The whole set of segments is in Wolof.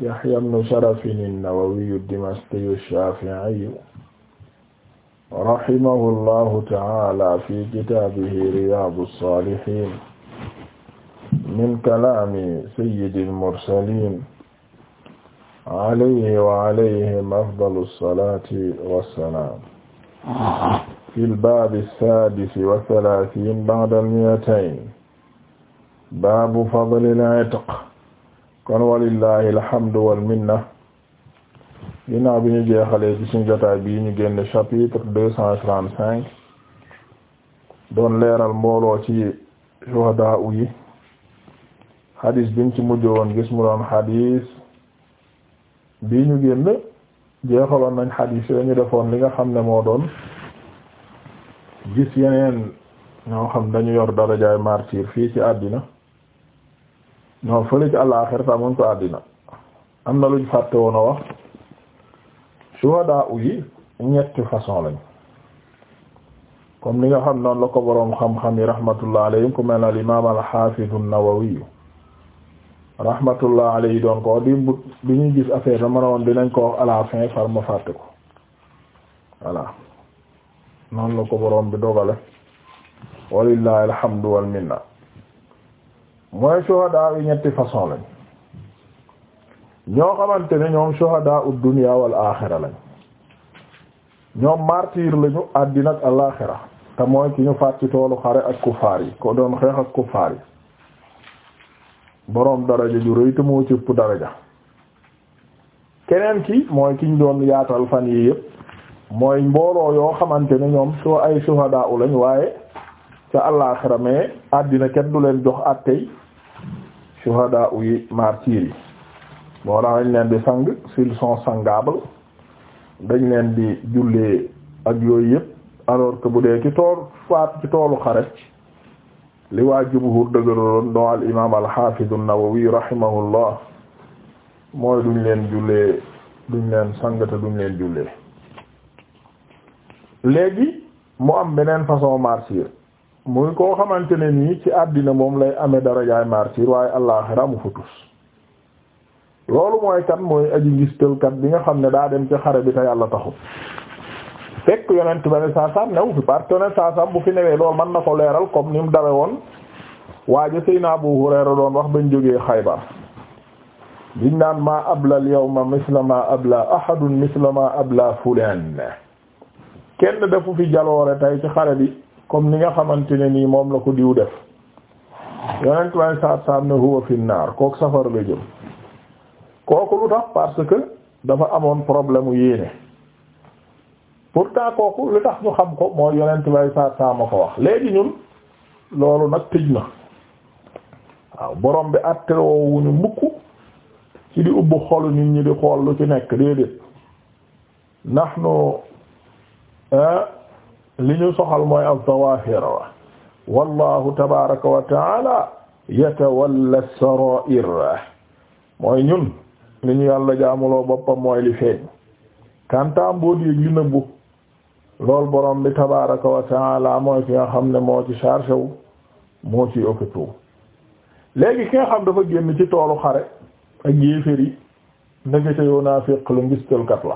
Yahya ibn Sharaf an-Nawawi ad-Dimashqi ash-Shafi'i rahimahullahu ta'ala fi kitaabihi Riyaadu s-Saalihiin min kalaami sayyidil mursaliin alayhi wa alayhim afdalu s-salaati wa s-salaam fil baabi s-saadisi wa thalaathiin ba'da l-mi'atayn baabu fadlil itq kon walillahi alhamdu wal minna ginnaaw bi ñu jeexalee ci suñu jotaay bii ñu génne chapitre deux cent trente doon leeral mbooloo ci shuhadaa yi xadis biñ ci mujj woon gis mu doon xadis bii ñu génn jeexaloon nañ xadis yooyu ñu li nga xam ne moo doon gis yeneen ñoo xam dañu yor darajaay martyr fii ci àddina non fële ci àllaxira ta mun ko àddina am na luñ fàtte woon a wax shuhada yi ñetti façon lañ comme ni nga xam noonu la ko boroom xam-xam yi rahmatullah alayhim yi mel al imam al hafiz an-Nawawi rahmatullah alayhi doon ko di bu bi ñuy gis affaire dama ne woon dinañ ko wax à la fin far fàtte ko voilà noonu la ko boroom bi dogale walillahi alhamdu wal mooy shuhadaa yi ñetti façon lañ ñoo xamante ne ñoom shuhadaa ud dunya wal lañ ñoom martyr lañu àddina ak te mooy ki ñu faat toolu xare ak kuffaar yi ko doon xeex ak kuffaar yi boroom daraja ju rëy te moo cëpp daraja keneen ki mooy ki ñu doon yaatal fan yi yëpp mooy mbooloo yoo xamante ne ñoom soo ay shuhadaa u lañ waaye ca alaaxira mais àddina kenn du leen jox àttey shuhadaa yi martyrs yi moo tax dañ leen di sang s'ils sont dañ leen di jullee ak yooyu yëpp alors que bu dee ci tool faatu ci toolu xare li waa jumhur dëgëraloon doo al imaam al xaafiz an-Nawawi rahimahullah mooy duñ leen jullee duñ leen sang te duñ leen jullee léegi mu am beneen façon martyr muy koo xamante ne nii ci àddina moom lay amee darajaay martyr waaye àllaaxira mu fa tus loolu mooy kan mooy aji ngistalkat bi nga xam ne daa dem ci xare bi te yàlla taxul fekk yonent ba ne saasam new fi parce que yonent saasam bu fi newee loolu mën na ko leeral comme ni mu dawe woon waaja Seydina Abu Hurayra doon wax bañ jógee Xaybar diñ naan maa abla al yawma misla ma abla ahadun misla ma abla fulan kenn defu fi jaloore tay ci xare bi comme ni nga xamante ne nii moom la ko diw def yonent way saat saam ne huwa fi naar kooku safar la jëm kooku amoon problème yéene pourtant kooku lu tax ñu xam ko mooy yonent saam ko wax léegi ñun loolu nag tëj na waaw borom bi attewoowuñu mukk ci di ubbu xolu nit ñi di xool lu ci nekk déedéet ndax nu ah, li ñu soxal mooy az-zawahir wallahu tabaraka wa taala yatawalla as-sarair mooy ñun li ñu yàlla jaamuloo boppam mooy li feeñ kanta mboot yéeg li nëbbu lool borom bi tabaraka wa taala mooy ki xam ne moo ci chargé wu moo ci occupé léegi ki nga xam dafa génn ci toolu xare ak yéefér yi ndekete yoo naa féq la ngistalkat la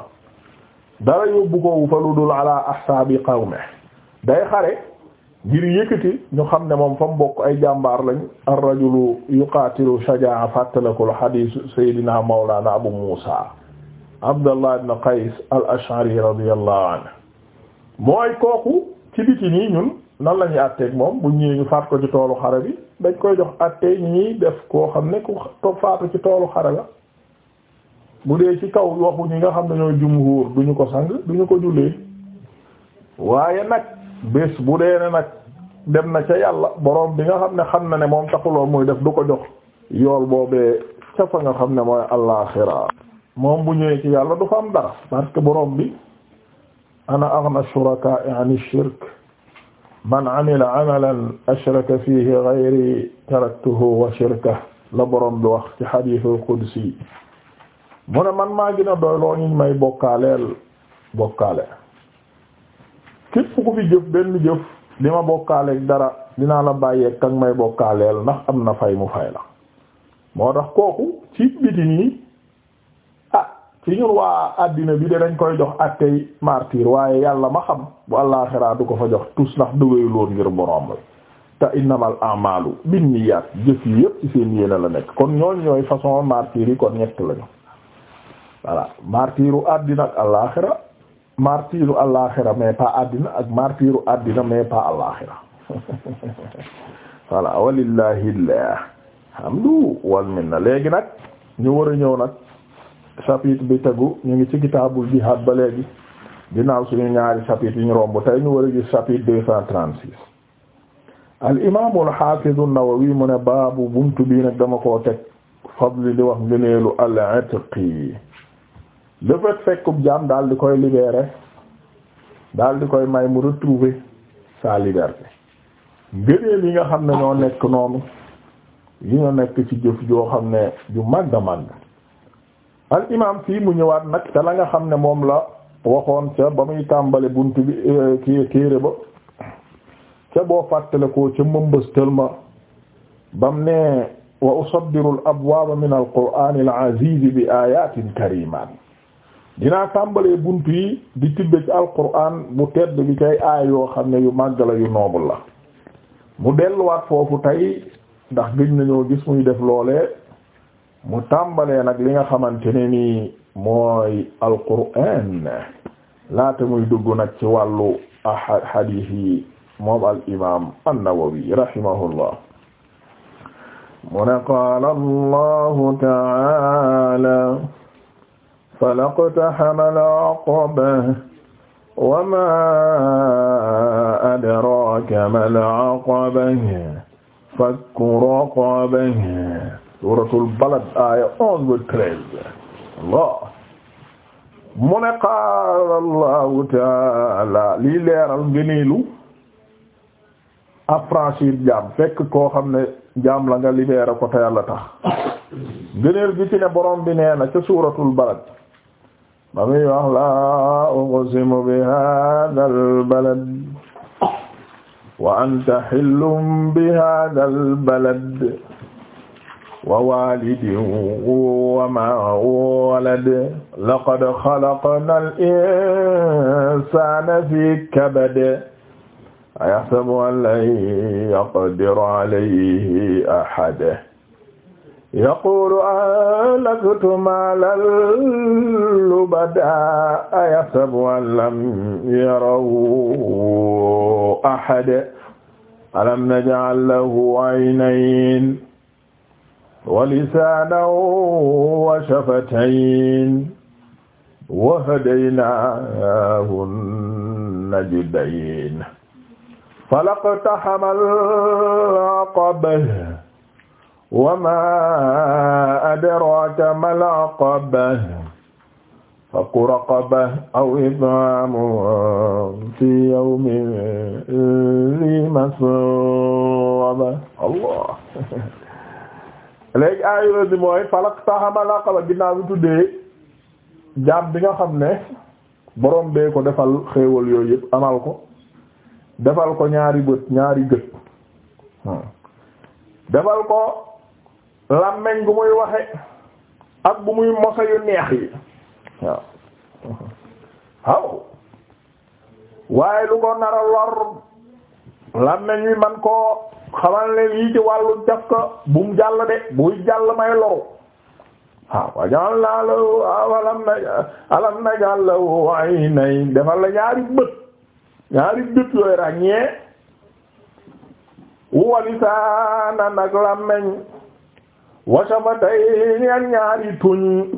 dara yóbbu ko fa lu dul ala ahsaabi qawme day xare ngir yëkkati ñu xam ne moom fa mu bokk ay jàmbaar lañ ar-rajulu yuqaatilu shajaa fàttalakul hadiis sayyidina mawlana abu muusa abdallah ibn qays al-ash'ari radiyallahu anhu mooy kooku ci biti nii ñun nan la ñuy moom bu ñëwee ñu faat ko ci toolu xare bi dañ koy jox àttee ñi def koo xam ne ku faatu ci toolu xare la bu dee ci kaw waxu ñi nga xam ne ñooy jumhuur duñu ko sang duñu ko jullee waaye nag bés bu dee ne nag dem na ca yàlla boroom bi nga xam ne xam na ne moom taxuloon muy def du ko jox yool boobee ca fa nga xam ne mooy alaaxira moom bu ñëwee ci yàlla du fa am dara parce que boroom bi ana aghna shuraka'i an shirk man amila amalan ashraka fihi ghayri taraktuhu wa shirkahu la boroom bi wax ci hadithul qudsi mu ne man maa gina a ñu may bokkaaleel bokkaale képp ku fi jëf benn jëf li ma bokkaaleeg dara dinaa la bàyyeeg kag may bokkaaleel ndax am na fay mu fay la moo tax kooku ci biti nii ah ci ñun waa àddina bi de dañ koy jox attey martyr waaye yàlla ma xam bu àllaaxiraa ko fa jox tus ndax dugayuloon ngir borom bi te innamal amalu binniyaat jëf yi yëpp ci seen yéene la nekk kon ñooñ ñooy façon martyr yi kon ñett lañu voilà martiru àddina ak alaaxira martiru alaaxira mais pas àddina ak martiru àddina mais pas alaaxira voilà walillahil hamdu wal minna léegi nag ñu war a ñëw nag chapitre bi tegu ñu ngi ci kitaabul jihaad ba léegi ginnaaw suñu ñaari chapitre yi ñu romb tey ñu wara a gis chapitre deux cent trente al imaamu al xaafizu an mu ne baabu buntu bii nag dama ko teg fadli di wax ngëneelu al-itqi dafa fekkub jaam daal di koy libeere dal di koy may mu retrouver sa liberté ngëneel yi nga xam ne ñoo nekk noonu yi ñoo nekk ci jëf joo xam ne ju màgg a màgg al imam fii mu ñëwaat nag te la nga xam ne moom la waxoon ca ba muy tàmbali bunt bi euh, kii téere ba ca boo fàttale ko ca mëmbastal ma bam ne wa usaddiru al abwaaba min al qur'aan al aziz bi ayatin karimaat dinaa tàmbalee buntu yi di tibbe ci alquran bu tedd bi kay aay yoo xam ne yu màgg la yu noobul la mu delluwaat foofu tey ndax gëj nañoo gis muy def loole mu tàmbalee nag li nga xamante ne nii mooy alquran laata muy dugg nag ci wàllu ahad hadith yi moom al imaam an-Nawawi rahimahullah mu ne qaala allahu taala falaqtahamal aqaba wa ma adraka mal aqaba fakku raqaba suuratul balad aaya onze ba treize Allah mu ne qaala Allahu taala lii leeral ngëneelu affranchir jaam fekk koo xam ne jaam la nga libéré ko te yàlla tax ngëneel gi ci ne borom bi nee na ca suuratul balad ba muy wax laa uqsimu bi hada albalad wa anta xillum bi hada albalad wa walidin wa ma walad laqad xalaqna al insana fi kabad ayahsabu an lan yaqdiru alayhi ahad yaqulu ahlaktu maalan lubada ayasabu an lam yarahu ahad alam naj'al lahu aynayn wa lisaanan wa shafatayn wa hadaynaahu najdayn falaqtahama al-aqaba wa maa adraaka mal aqaba fakku raqaba aw it'aamu fi yawmin dhi masghaba allah léegi aayula bi mooy falak taxama laqaba ginnaaw bi tuddee jaam bi nga xam ne borom bee ko defal xéewal yooyu amal ko defal ko ñaari bët ñaari gët hmm. defal ko làmmeñ bu muy waxe ak bu mosa yu neex yi waaw lu ko nara lor làmmeñ wi man koo xamal ne lii ci wàllu jaf ko bu mu jàll de buy jàll may loru waaw wajal naa alam na alam na jàll waaye nay defal la ñaari bët ñaari bët yooyu ràññee walisaanan ak làmmeñ washafatayni ak ñaari tuñ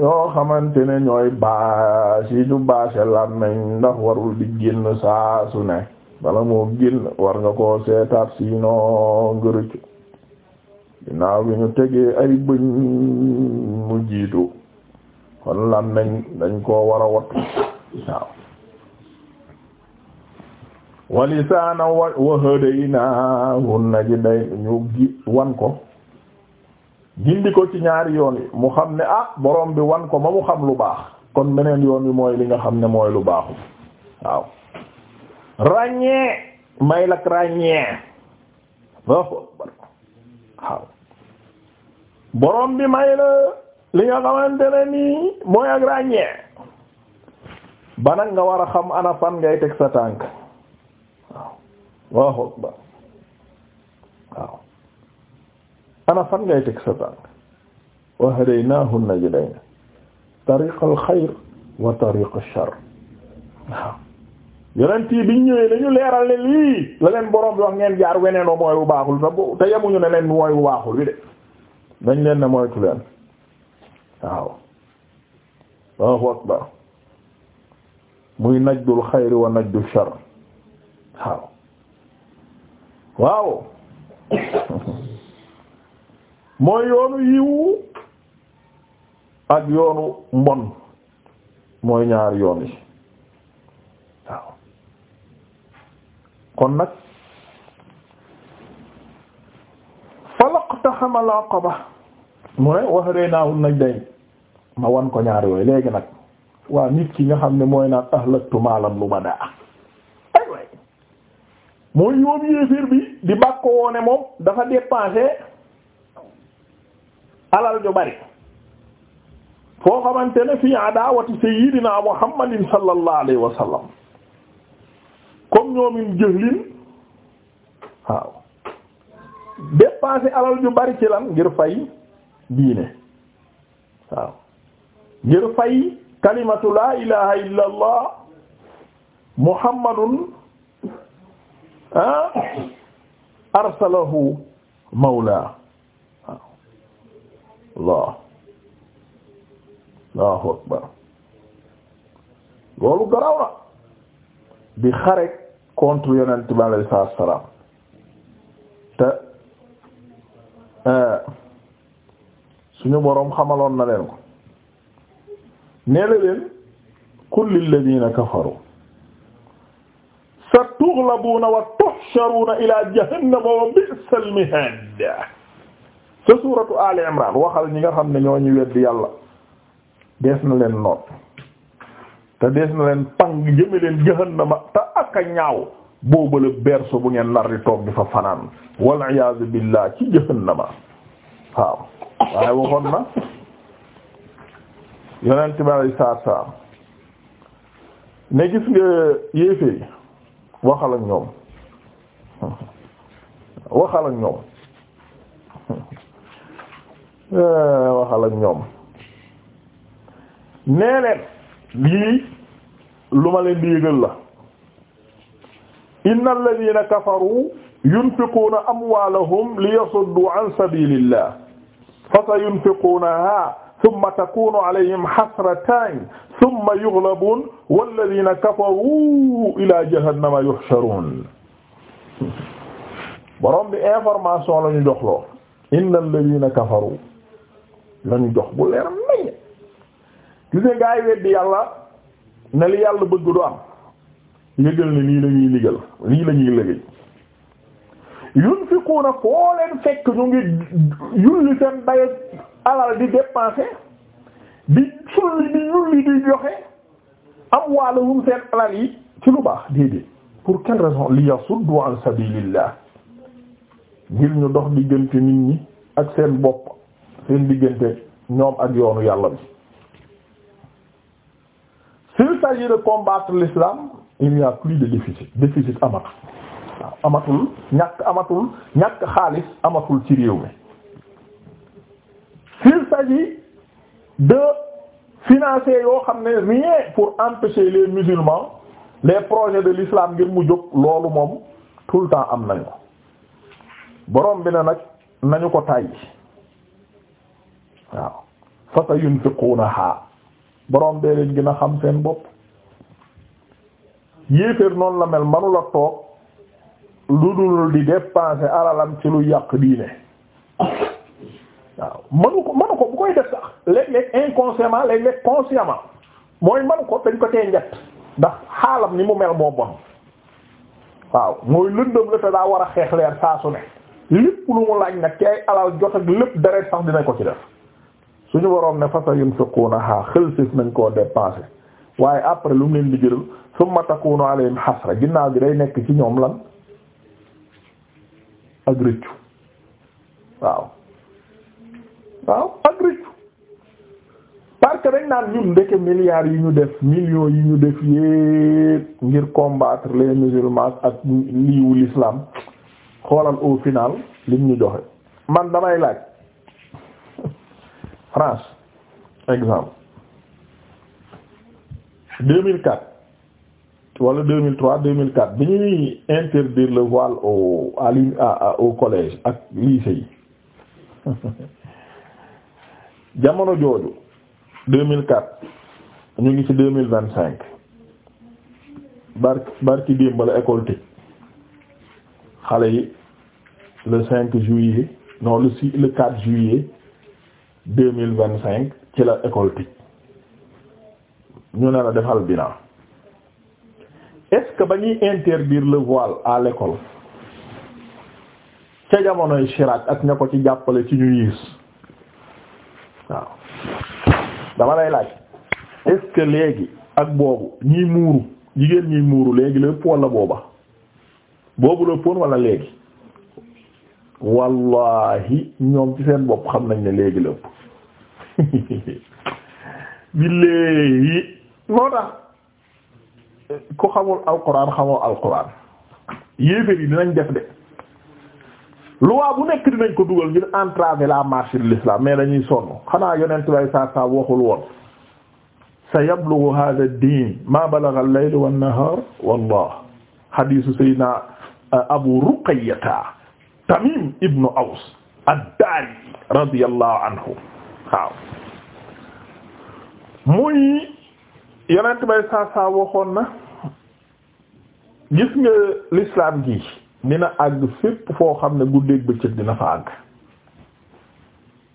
yoo xamante ne ñooy baas yi ñu baase làmmiñ ndax warul di génn saa su ne bala moo génn war nga koo seetaat siinoo ngërëcu ginnaaw bi ñu tegee ay bëñ mu jiitu kon làmmiñ dañ koo war a wattu walisaana wa hëdëy naa na ji day ñu gi wan ko gindi ko ci ñaari yoon yi mu xam ne ah borom bi wan ko ma mu xam lu baax kon beneen yoon wi mooy li nga xam ne mooy lu baaxu waaw ràññee may lak ràññee waaw borom bi may la li nga xamante ne nii mooy ak ràññee ba nag nga war a xam ana fan ngay teg sa tànk waaw waaw ana fan ngay teg sa tànk wa hadaynaahu najdayn tariqal xayr wa tariqal shar waaw yonent yi biñ ñëwee dañu leeral ne lii la leen boroom bi wax ngeen jaar weneen o mooy bu baaxul te yemuñu ne leen mooy bu baaxul wi de dañ leen ne moytu leen waaw Allahu akbar muy najdul xayr wa najdul waaw waaw mooy yoonu yiw ak yoonu mbon mooy ñaari yoon yi waaw kon nag falaqtaxama al-aqaba mu ne wahraynahu najdayn ma wan ko ñaar yooyu léegi nag waa nit ki nga xam ne mooy naan ahlaktu maalam lu ma daa ay mooy yoon yéeféer bi di bàkk woone moom dafa dépensé alal ju bari foo xamante ne fii adawati sayyidina muhammadin sallallahu alayhi wa sallam comme ñoomin jëhlin waaw dépenser alal ju bari ci lan ngir fay diine waaw ngir fay kalimatu la ilaha illa muhammadun ah arsalahu mawla Allah Allahu akbar loolu garaw la di xare contre yonent bi alayhi salaatu wa salaam te eh, suñu boroom xamaloon na leen ko nee na leen qul lilladina kafaru satughlabuuna wa tuhsharuuna ila jahannama wa bi'sal mihaad sa suuratu Ali Imran waxal ñi nga xam ne ñoo ñu weddi yàlla dees na leen noot te dees na leen pang jëme leen jahannama te ak a ñaaw boobale berso bu ngeen nar toog di fa fanaan walla iyaazu billah ci jahannama waaw waaye waxoon na yonent bi alay saar saar ne gis nga yéefee waxal ak ñoom waxal ak ñoom Eh, waxal ak ñoom nee leen lii lu ma leen di yëgal la inna alladhina kafaru yunfiquuna amwaalahum liyasuddu an sabilillah fa sayunfiquunaha thumma takunu alayhim hasratan thumma yughlabun walladhina kafaru ila jahannama yuhsharun borom bi information la ñu jox loo inna alladhina kafaru lañu jox bu leer nañ gis nga gaa yi yàlla ne li yàlla bëgg du am yëgal ne lii lañuy ñuy liggéey lii la ñuy liggéey yunfiquuna foo leen fekk ñu ngi yulli seen daye alal di dépenser di sulli di yulli di joxe amwaalahum seen alal yi ci lu baax déedéet pour quelle raison li yasuddu an sabilillah ngir ñu dox diggante nit ñi ak seen bopp seen diggante ñoom ak yoonu yàlla bi s'il s'agit de combattre l'islam il n'y plus de déficit déficit amatul waaw amatul ñàkk amatul ñàkk xaalis amatul ci réew mi s'il s'agit de financer yoo xam ne rien pour empêcher les musulmans les projets de l'islam ngir mu jóg loolu moom tout le temps am nañu ko borom bi na nag nañu ko tàyyi waaw fa sayunfiquunahaa borom bee leen gën a xam seen bopp yéeféer noonu la mel manula toog lu dul di dépenser alalam ci lu yàq diine waaw manu ko manu ko bu koy def sax léeg-léeg inconsciemment léeg-léeg consciemment mooy manu ko dañ ko tee njett ndax xaalam ni mu mel moo bon waaw mooy lëndëm la te daa war a xeex leer saa su ne lépp lu mu laaj nag ci ay alal jot ak lépp deret sax dina ko ci def suñu waroon ne fasa yunfiqunaha xëlsif nañ koo dépensé waaye après lu mu leen di jëral summa takunu alayhim hasra ginnaaw gi day nekk ci ñoom lan ak rëccu waaw waaw ak rëccu parce dañ naan ñun ndeke milliards yi ñu def millions yi ñu def yépp ngir combattre les musulmans ak liiwu l'islam xoolal au final lim ñu joxe man damay laaj France exemple deux mille quatre wala deux mille trois deux mille quatre bi ñuy interdire le voile au à au collège ak lycée yi jamono jooju deux mille quatre ñu ngi ci deux mille vingt cinq bar barki démb école tëj xale yi le cinq juillet non le six le quatre juillet deux mille vingt cinq ci la école tij ñu ne la defal bilan est ba ñuy interdire la voile à l'école ca jamonoy Chirac ak ña ko ci jàppale ci ñu yiis waaw dama lay laaj est léegi ak boobu ñiy muuru jigéen ñiy muuru léegi la ëpp walla booba boobu la ëppoon walla léegi wallahi ñoom ci seen bopp xam nañ ne léegi la ëpp billahi moo tax ku xamul alquran xamoo alquran yéeféer yi dinañ def de loi bu nekk dinañ ko dugal ngir entraver la marche de l'islam mais dañuy sonn xanaa yonent bay saa saa waxul woon sa yablughu hadha ad ma balagha al-layl nahar wallah hadithu sayyidina abu ruqayyata Tamim ibnu Aws ad-Dari anhu waaw muy yonent bay saa saa waxoon na gis nga lislaam gi dina àgg fépp foo xam ne guddeeg bëccëg dina fa àgg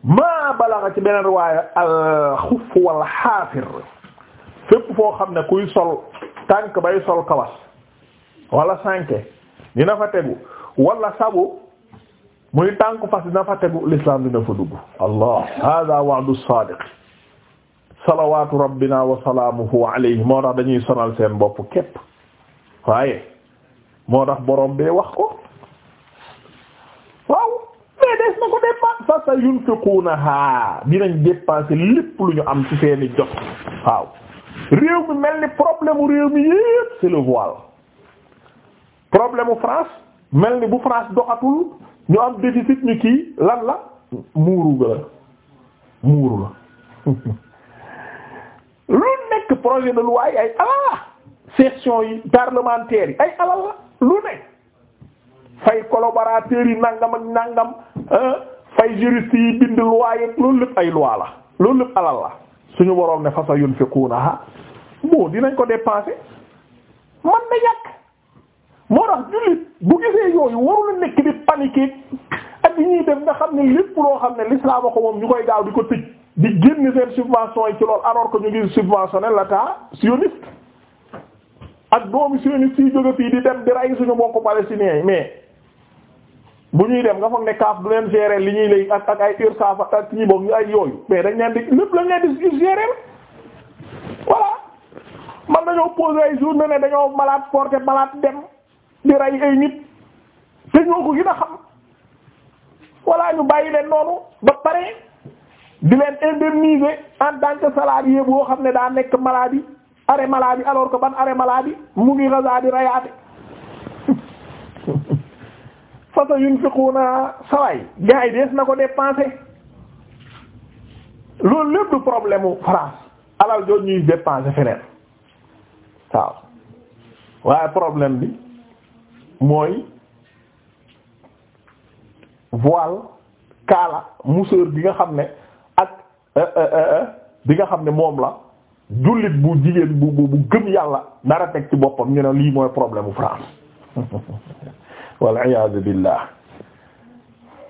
maa balaxa ci beneen riwaaya al-xuff wal xaafir fépp foo xam ne kuy sol tànk bay sol kawas wala sànke dina fa tegu wala sabu muy tànku fas dina fa tegu l'islam dina fa dugg allah hada wa'du sadiq salawatu rabbina wa salaamuhu moo tax dañuy sonal seen bopp képp waaye moo tax borom bee wax ko waaw mais des na ko dépense fa sa yunfiqunaha dinañ dépenser lépp lu ñu am ci seeni jot waaw réew mi mel ni problème réew mi yépp c'est le voile problème France mel ni bu France doxatul ñu am déficit ñu kii lan la muuru ga la muuru la lu nekk projet de loi yi ay alal la yi parlementaire ay alal la lu nekk fay collaborateurs yi nangam ak nangam fay juristes yi bind loi loolu lépp ay loi la loolu lépp alal la suñu waroon ne fasa yunfiqunaha bon dinañ ko dépenser man na yàq moo tax jullit bu gisee yooyu warul nekk di paniquer ak yi ñuy def nga xam ne lépp loo xam ne l'islam ko moom ñu koy gaaw di ko tëj di génn seen subvention yi ci loolu alors que ñu ngi subventionné l'État sioniste ak doomi sioniste yi jóge fii di dem di rey suñu mbokku palestiniens yi mais bu ñuy dem nga foog ne kaaf du leen gérer li ñuy lay ak ak ay URSAF ak ñi bokk ay yooyu mais dañ leen di lépp lañ leen di gérer voilà man dañoo poser ay journée ne dañoo malade porté malade dem. di rey ay nit te ñoo ko gën a xam walla ñu bàyyi leen noonu ba pare di leen indemniser en tant que boo xam ne daa nekk maladie arrêt maladie alors que ban arrêt maladie mu ngi rasaadi rayaate fasa yunfiquna saway gars yi dees na ko dépenser loolu lépp du problème u France alal jooju ñuy dépenser feneen waaw waaye problème bi mooy voile kaala musóor bi nga xam ne ak euh, euh, euh, bi nga xam ne moom la jullit bu jigéen bu bu gëm yàlla nara teg ci boppam ñu ne lii mooy problème bu France wal iyaadu billah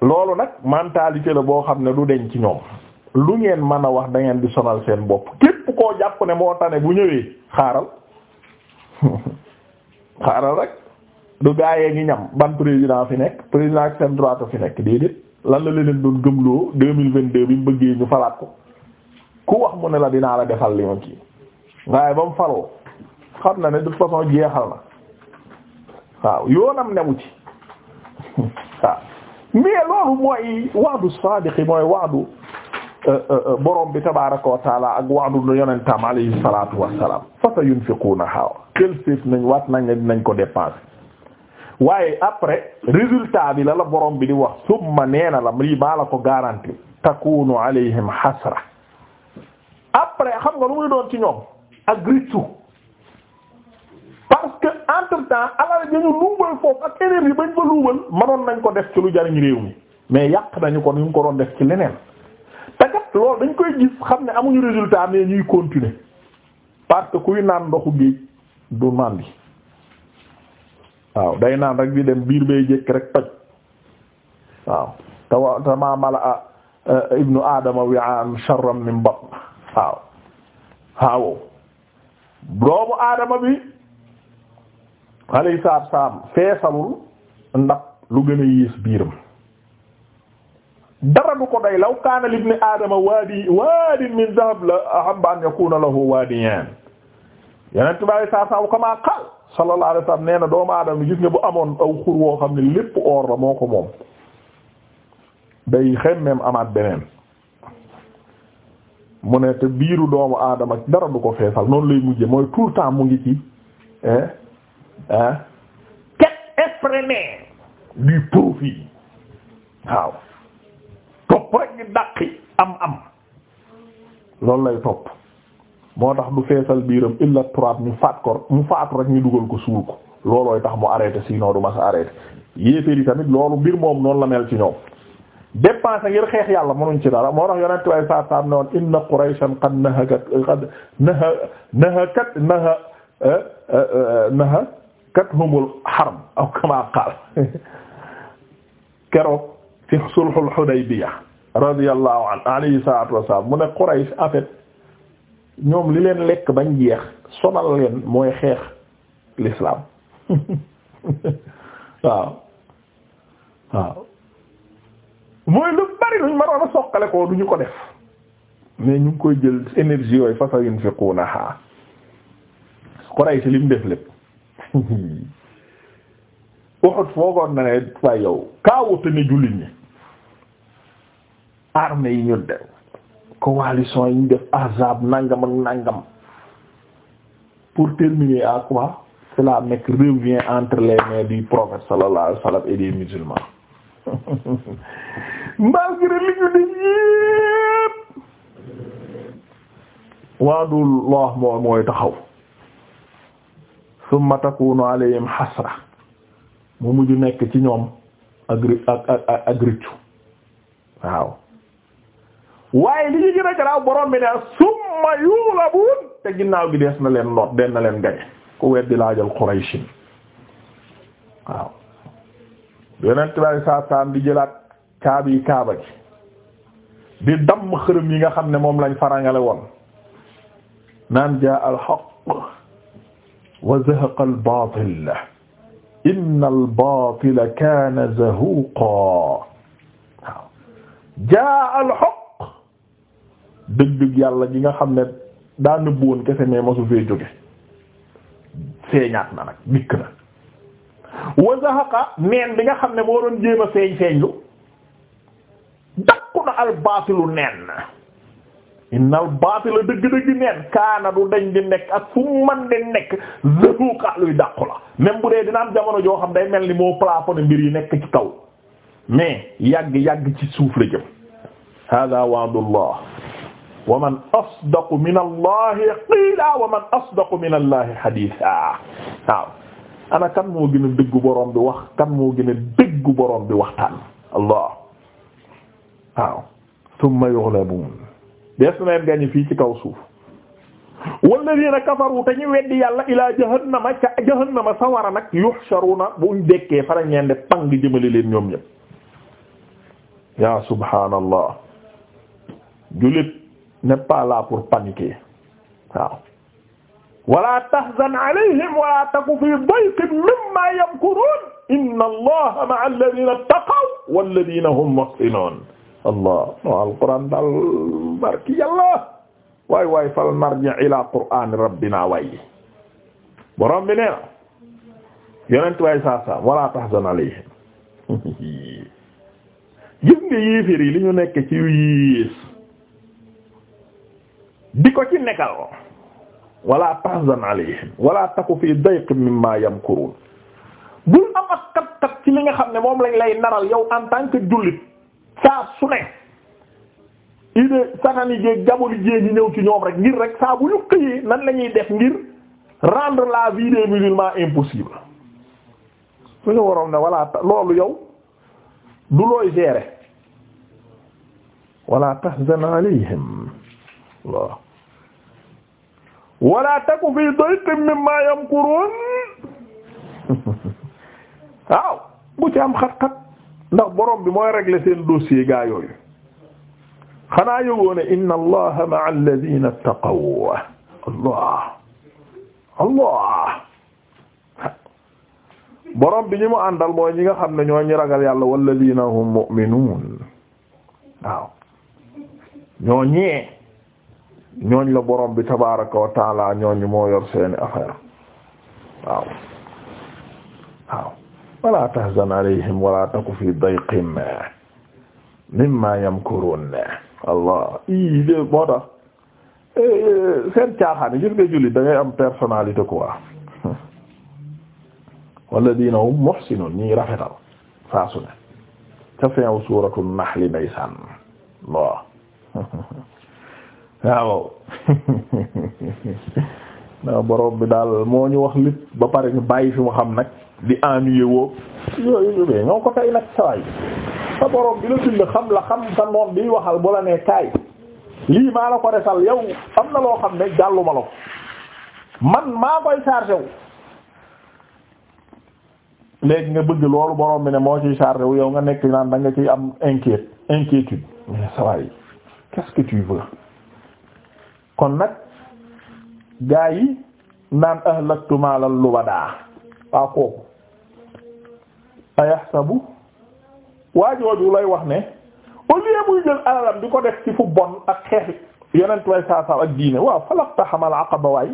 loolu nag mentalité la boo xam ne du deñ ci ñoom lu ngeen mën a wax dangeen di sonal seen bopp képp koo jàpp ne moo tane bu ñëwee xaaral xaaral rek du gaayee ngi ñam ban président fi nekk président ak seen droite fi nekk déedéet lan la leen doon gëmloo deux mille vingt deux bi mu bëggee ñu falaat ko ku wax mu ne la dinaa la defal li kii waaye ba mu faloo xam na ne de toute façon na waaw yoonam newu ci waaw mais loolu mooy waadu saadiqi mooy waadu euh, euh, euh, borom bi tabaaraka wa taala ak waadu yonentam alayhi salaatu wa salaam fa sayunfiquunahaa xel séef nañ waat nañ ne nañ ko dépenser waaye après résultat bi la la borom bi di wax summa nee na la lii maa la ko garanti takunu alayhim hasra après xam nga lu muy doon ci ñoom ak riccu parce que entre temps alal dañu luubal foofu ak énergie bañ fa luubal manoon nañ ko def ci lu jariñ réew mi mais yàq nañu ko ni ñu ko doon def ci leneen te kat loolu dañ koy gis xam ne amuñu résultat mais ñuy continuer parce que kuy naan ndoxu géej du màndi waaw day naan rek di dem biir bay jëkk rek toj waaw te maa mala ah, eh, ibnu adama wi'an sharran min batn waaw waaw doomu aadama bi alayhi salaatu salaam feesalul ndax lu gën a yées biiram dara du ko doy law kaana li ibni aadama waadi min dahab la ahabba an yakuna lahu waadiyan yeneen tubaab yi saa saa wu ko maa sallallahu alayhi wasallam na doomu aadama gis nga bu amoon aw xur woo xam ne lépp or la moo ko moom day xemmeem amaat beneen mu ne te biiru doomu aadama dara du ko feesal noonu lay mujje mooy tout le temps mu ngi ci hein hein quête effrénée du profit waaw topp rek di am am loolu lay topp moo tax du feesal biiram illa turaab ñu faat ko mu faatu rek ñu dugal ko suul ko loolooy tax mu arrêté sinon du ma sa arrêté yéeféer yi tamit loolu mbir moom noonu la mel ci ñoom dépensé ngir xeex yàlla mënuñ ci dara moo tax yonent way saa saam ne woon inna qurayshan qad nahakat qad naha nahakat naha eh, eh, eh, nahakat humul harb aw kama qaal keroog fi sulhul hudaybiya radiyallahu anhu alayhi salatu wassalam mu ne quraysh en fait ñoom li leen lekk bañ jeex sonal leen mooy xeex l'islam waaw waaw mooy lu bari luñ maroon a soqale ko duñu ko def mais ñu ngi koy jël énergie yooyu fa sa yunfiqunaha Quraysh lim def lépp Uhud foogoon na ne waaye yow kaawuta ni jullit ñi armée yi ñu def coalition yi ñu def ahzab nangam nangam pour terminer à quoi cela nekk revient entre les mains du prophète sallallahu alayhi wa sallam et des li ñu def yépp waadullah moo mooy taxaw summa takunu alayhim hasra mu mujj nekk ci ñoom ak ak ak ak rëccu waaw waaye li ñu gën a garaaw borom bi ne summa yulabuun te ginnaaw gi dees na leen noot den na leen gañe ku weddi laajal Quraysh waaw yonent bi saa saam di jëlaat kaabi kaaba gi di damm xërëm yi nga xam ne moom lañ farangale woon naan jaa al haqq wa zahaqa al baatil inna al baatila kaana zahuuqa waaw jaa al haqq dëgg-dëgg yàlla ji nga xam ne daa nëbbu woon kese mais masu fee jóge feeñaat na nag dikk na wa neen bi nga xam ne moo doon jéem a feeñ lu dakku na al baatilu neen inna al baatila dëgg-dëgg neen kaana du dañ di nekk ak fu man di nekk zahuqa luy dakku la même bu dee dina am joo xam day mel ni moo plafonné mbir yi nekk ci kaw mais yàgg yàgg ci suuf la jëm hada wa'dullah wa man asdaqu min allahi qiila wa man asdaqu min allahi haditha waaw ana kan moo gën a dëggu borom bi wax kan moo gën a dëggu borom bi waxtaan allah waaw thumma yughlabuun des na leen gañu fii ci kaw suuf walladina kafaru te ñu weddi yàlla ilaa jahannama ca jahannama sawara nag yuhsharuna buñ dekkee fara ñeen de pang jëmale leen ñoom ñëpp yaa subhaanallah jullit n'est pas là wala tahzan alayhim wala taku fi dayqin mimma yamkurun inna allaha ma'a alladhina taqaw walladhina hum allah no alquran daal barki fal marji ila qur'an rabbina waay borom bi nee na yonent wala tahzan alayhim gis nga yéeféer yi li ñu di ko ci nekkal wala tahzan alayhim wala taku fi dayq mimma yamkurun bul am ak kat ci li nga xam ne moom lañ lay naral yow en tant que jullit saa su ne idée satanique yi jamono jii ñu ñëw ci ñoom rek ngir rek saa bu ñu xëyee nan lañuy def ngir rendre la vie des musulmans impossible suñu waroon ne wala loolu yow du looy gérer wala tahzan alayhim waaw wala taku fii dayqin mimma yamkurun waaw bu am xat-xat ndax borom bi mooy régler seen dossier gaa yooyu xanaa yëgoo ne inna allaha allah allah borom bi ñi mu àndal mooy ñi nga xam ne ñoo ñi ragal yàlla walladhina hum mu'minun waaw ñoo ñooñ la borom bi tabaraka wa ñooñ moo yor seeni affaire waaw wala tahzan alayhim wala taku fi dayqin mimma yamkurun allah i de moo tax eh, eh, seen caaxaan gis nga jullit da ngay am personnalité quoi walladina hum muhsinun ñi rafetal saa su ne ca fin suratu nahl ndeysaan waaw boroom bi daal moo ñu wax lépp ba pare ñu bàyyi fi mu xam nag di ennuyer woo yooyu ñoo ko tey nag saway sa borom bi la bind xam la xam sa noon biy waxal bu la nee kaay lii maa la ko resal yow am na loo xam ne jàlluma la ko man maa koy chargé wu léegi nga bëgg loolu borom bi ne moo ciy chargé wu yow nga nekk naan da nga ciy am inquiète inquiétude mais saway qu'est-ce kon nag gaa yi naan ahlaktu maalan lubadaa waa kooku ayahsabu waa lay wax ne au muy jël alalam di ko def ci fu bon ak xeex yonent way saa saa ak diine waaw falaqtahamal aqaba waay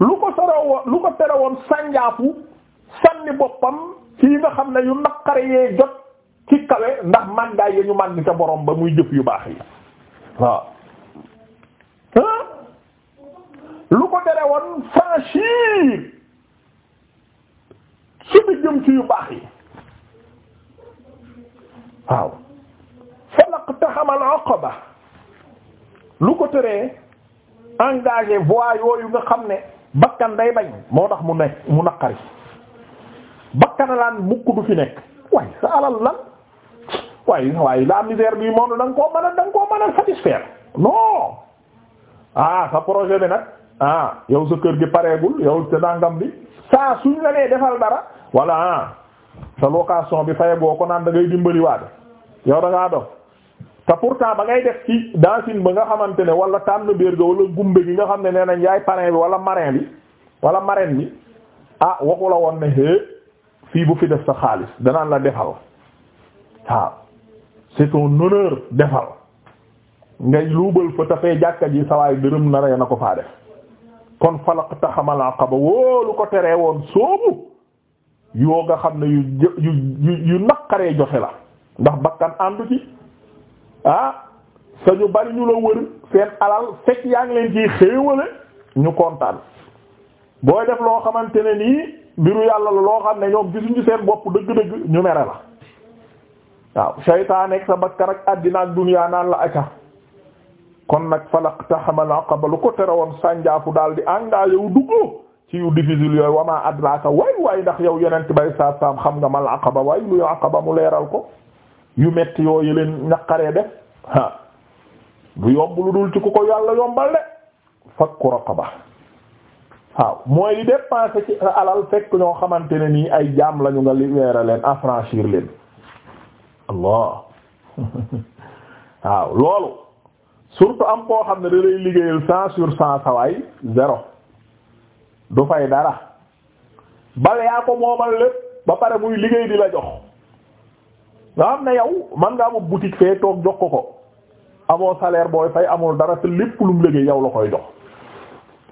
lu ko sorowoon lu ko terewoon sànjaafu sànni boppam ci nga xam ne yu naqare yee jot ci kawe ndax màngaay ya ñu màgg ca borom ba muy jëf yu baax yi waaw lu ko dere franchir su bi ci yu baax yi waaw falaqtaxama al-aqaba lu ko teree engagé voie yooyu nga xam ne bakkan day bañ moo tax mu nekk mu naqari bakkanalaan mukk du fi nekk waaye sa alal lan waaye waaye la misère bi moom da nga koo mën a da koo mën a satisfaire non ah sa projet bi nag ah yow sa kër gi pareegul yow sa nangam bi saa suñ la nee defal dara wala ah sa location bi fayagoo ko naan da ngay dimbaliwaat yow da ngaa dox te pourtant ba ngay def fii dancine ba nga xamante ne wala tànn biir ga gumbe gi nga xam ne nee nañ yaay parrain bi wala marin bi wala marraine bi ah waxu la woon ne hé fii bu fi def sa xaalis danaan la defal waaw c'est ton honneur defal. ngay luubal fa tafee jàkka ji sawaay dërëm naree na ko faa def kon falaq taxamal aqaba woolu ko teree woon soobu yoo nga xam ne yu yu yu yu joxe la ndax bakkan àndu ci ah sa ñu bari ñu la wër seen alal fekk yaa ngi leen ciy xéewale ñu kontaan booy def loo xamante ne nii mbiru yàlla la loo xam ne ñoom gisuñu seen bopp dëgg-dëgg ñu mere la waaw seytaan ak sa bakkar ak àddina ak duniyaa naan la acca kon nag falaqtaxama al-aqaba lu ko tere woon sànjaafu daal di engagé wu dugg ci yu difficile yooyu wa maa adraaka waay waay ndax yow yonent bay saa saam xam nga mal aqaba waay luy aqaba mu leeral ko yu metti yooyu leen ñaqaree def ah bu yomb lu dul ci ku ko yàlla yombal de fakku raqaba waaw mooy li dépenser ci alal fekk ñoo xamante ne nii ay jaam lañu nga libérer leen affranchir leen allah waaw loolu. surtout am koo xam ne da lay liggéeyal cent sur cent sawaay zéro du fay dara bal yaa ko moomal lépp ba pare muy liggéey di la jox nga xam ne yow man nga amul boutique fee toog jox ko ko amoo salaire booy fay amul dara te lépp lu mu liggéey la koy jox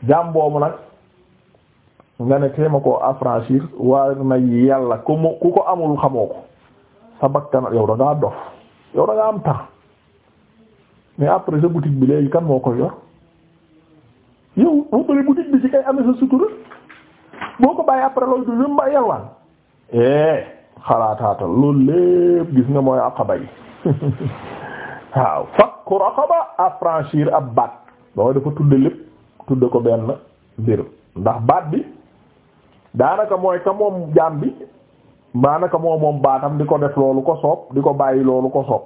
jaam boobu nag nga ne téema ko affranchir waaye na yàlla ku mu ku ko amul xamoo ko sa bakkan yow da ngaa dof yow da am temps mais après sa boutique bi léegi kan moo koy yor yow boo bëri boutique bi ci kay amee sa sutura boo ko bàyyi après loolu du ñu mbay yalwaan xalaataatal loolu lépp gis nga mooy aqaba yi waaw fakku ab baat mooy dafa tudde lépp tudde ko benn mbir ndax baat bi daanaka mooy ka moom jaam bi daanaka moo moom baatam di ko def loolu ko soob di ko bàyyi loolu ko soob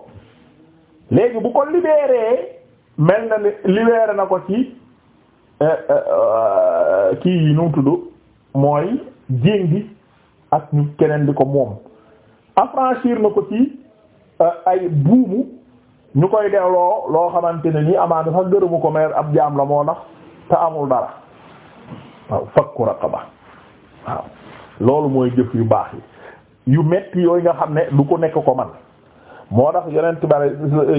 léegi bu ko libéré mel na libéré na ko ci euh, euh, kii yi nu tudd mooy jéng bi ak ñu keneen di ko moom affranchir na ko ci euh, ay buumu ñu koy delloo loo xamante ne nii amaana sax gërëmu ko meer ab jaam la moo tax te amul dara waaw fakku raqaba waaw loolu mooy jëf yu baax yi yu metti yooyu nga xam ne du ko nekk ko man moo tax yonent bare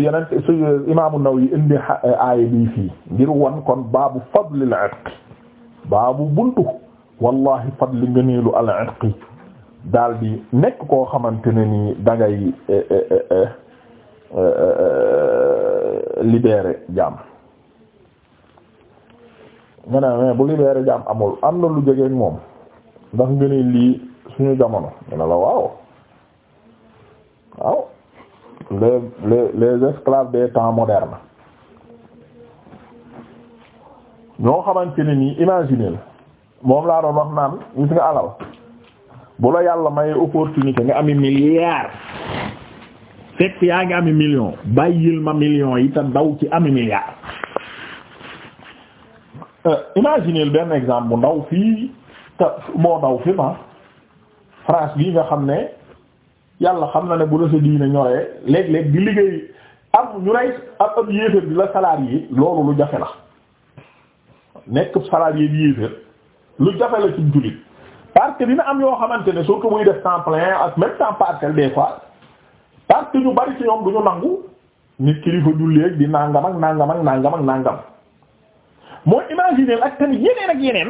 yonent su imaamu Nawawi indi eh, aaya bi fii ngir won kon baabu fadlil itq baabu buntu wallahi fadli ngëneelu al itq daal di nekk koo xamante ne nii dangay ngay eh, eh, libéré jaam nga ne bu libéré jaam amul am na lu jógeek moom ndax ngëneel lii suñu jamono nga la waaw les les les esclaves des temps modernes ñoo xamante ne nii imaginer moom laa doon wax naan gis nga alal bu yàlla may opportunité nga ami milliard fekk yaa ngi ami million bàyyil ma million yi te ci ami milliard euh, imaginer benn exemple bu ndaw fii te ndaw fi ma France bii nga xam ne yàlla xam na ne bu la sa diine ñoree léeg-léeg di liggéey am ñu lay am am yéeféer di la salarié loolu lu jafe la nekk salarié bi yéeféer lu jafe la ci jullit parce dina am yoo xamante ne surtout muy def temps plein ak même temps partiel des fois parce ñu bari ci ñoom du ñu nangu nit kilifa julli ak di nangam ak nangam ak nangam ak nangam mooy imaginer ak tamit yeneen ak yeneen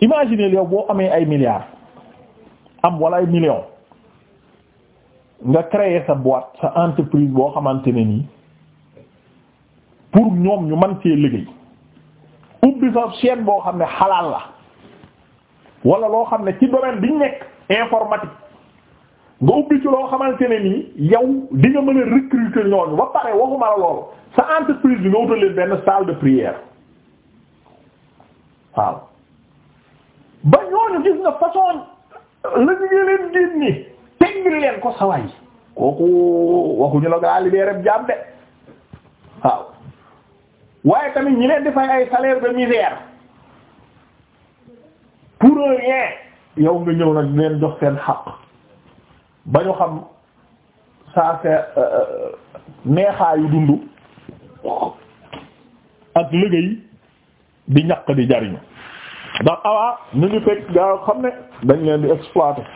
imaginer yow boo amee ay milliards am wala ay millions nga créer sa boîte sa entreprise boo xamante ne nii pour ñoom ñu man cee liggéey ubbi sa chaîne boo xam ne xalaal la wala loo xam ne ci domaine bi nekk informatique nga ubbi ci loo xamante ne nii yow di nga mën a recruter ñooñu ba pare waxuma la loolu sa entreprise bi nga wutal benn salle de prière waaw ba ñooñu gis nga façon la ñu ngi leen génne. teggil leen ko sawaay kooku waxuñu la gaa libérer jaam de waaw waaye tamit ñi leen di fay ay salaire de misère pour rien yow nga ñëw nag leen jox seen xaq ba ñu xam saa se euh, euh, neexaayu dund ak liggéey di ñaq di jariñu ndax awaa ah, ah, ñu ngi fekk gaa xam ne dañ leen di exploiter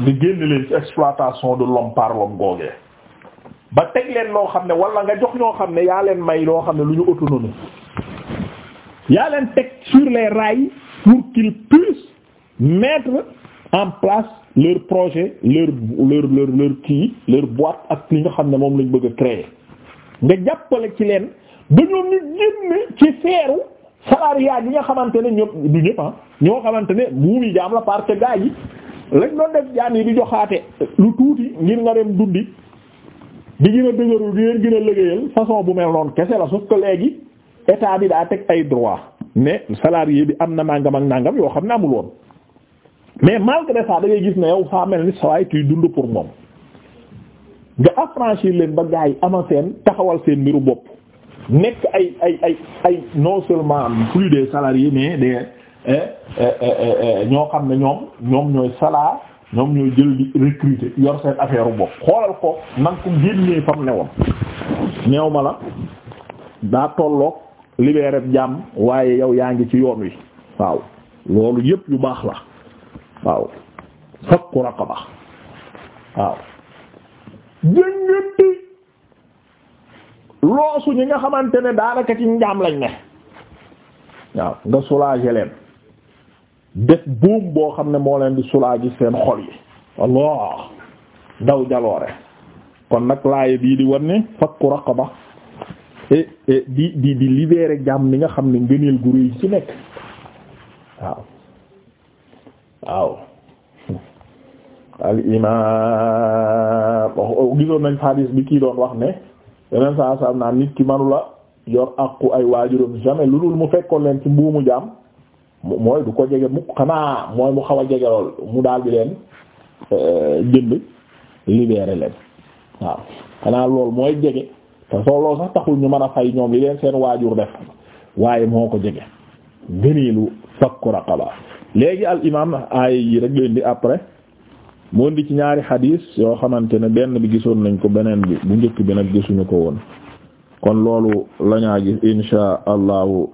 nga génn leen ci exploitation de l'homme par l'homme ba teg leen loo xam ne wala nga jox ñoo xam ne yaa leen may loo xam ne lu ñu autonomie yaa leen teg sur les rails pour qu'ils puissent mettre en place leur projet leur leur leur leur kii leur boîte ak li nga xam ne moom lañu bëgg a créer nga jàppale ci leen ba ñoom ñu génn ci feeru salariat yi nga xamante ne ñoom ah, ñoo xamante ne buumi jaam la parce que gaa yi lañ doon def jaan yi di joxaate lu tuuti ngir nga dem dundi di gën a dëgëru di gën a liggéeyal façon bu mel noonu kese la sauf que léegi état bi daa teg ay droit mais salarié bi am na nangam ak nangam yoo xam ne amul woon mais malgré ça da ngay gis ne yow faa mel ni sawaay tuy dund pour moom nga affranchir leen ba gaa yi ama seen taxawal seen mbiru bopp nekk ay ay ay non seulement plus des salariés mais des Eh, eh, eh, ñoo xam ne ñoom ñoom ñooy salaa ñoom ñooy jël di recruter yor seen affaire bu xoolal ko nang ko génnee fam ne woon neew ma la daa tolloog libéré jàmm waaye yow yaa ngi ci yoon wi waaw loolu yëpp yu baax la waaw fakku raqaba waaw jëngënti loosu ñi nga xamante ne daanaka ci njaam lañ ne waaw nga soulager leen def buum boo xam ne moo leen di ji seen xol yi Allah daw jaloore kon nag laay bii di war ne fakku raqaba e di di di libérer jàmm li nga xam ne ngëneel gu réy ci nekk waaw waaw al imaam oh, oh, gisoon nañ hadis bi kii doon wax ne yeneen saa saa naan nit ki la yor àqu ay waajuram jamais lu dul mu fekkoon leen ci buumu jàmm mooy du ko jege mu xanaa mooy mu xaw a jege lool mu daal di leen euh, jënd libéré leen waaw xanaa loolu mooy jege te soo loolu sax taxul ñu mën a fay ñoom li leen seen waajur def waaye moo ko jege gëniilu fakku raqaba léegi al imam aaya yi rek leen di après moo di ci ñaari xadiis yoo xamante ne benn bi gisoon nañ ko beneen bi bu njëkk bi nag gisuñu ko woon kon loolu lañaa gis insha allahu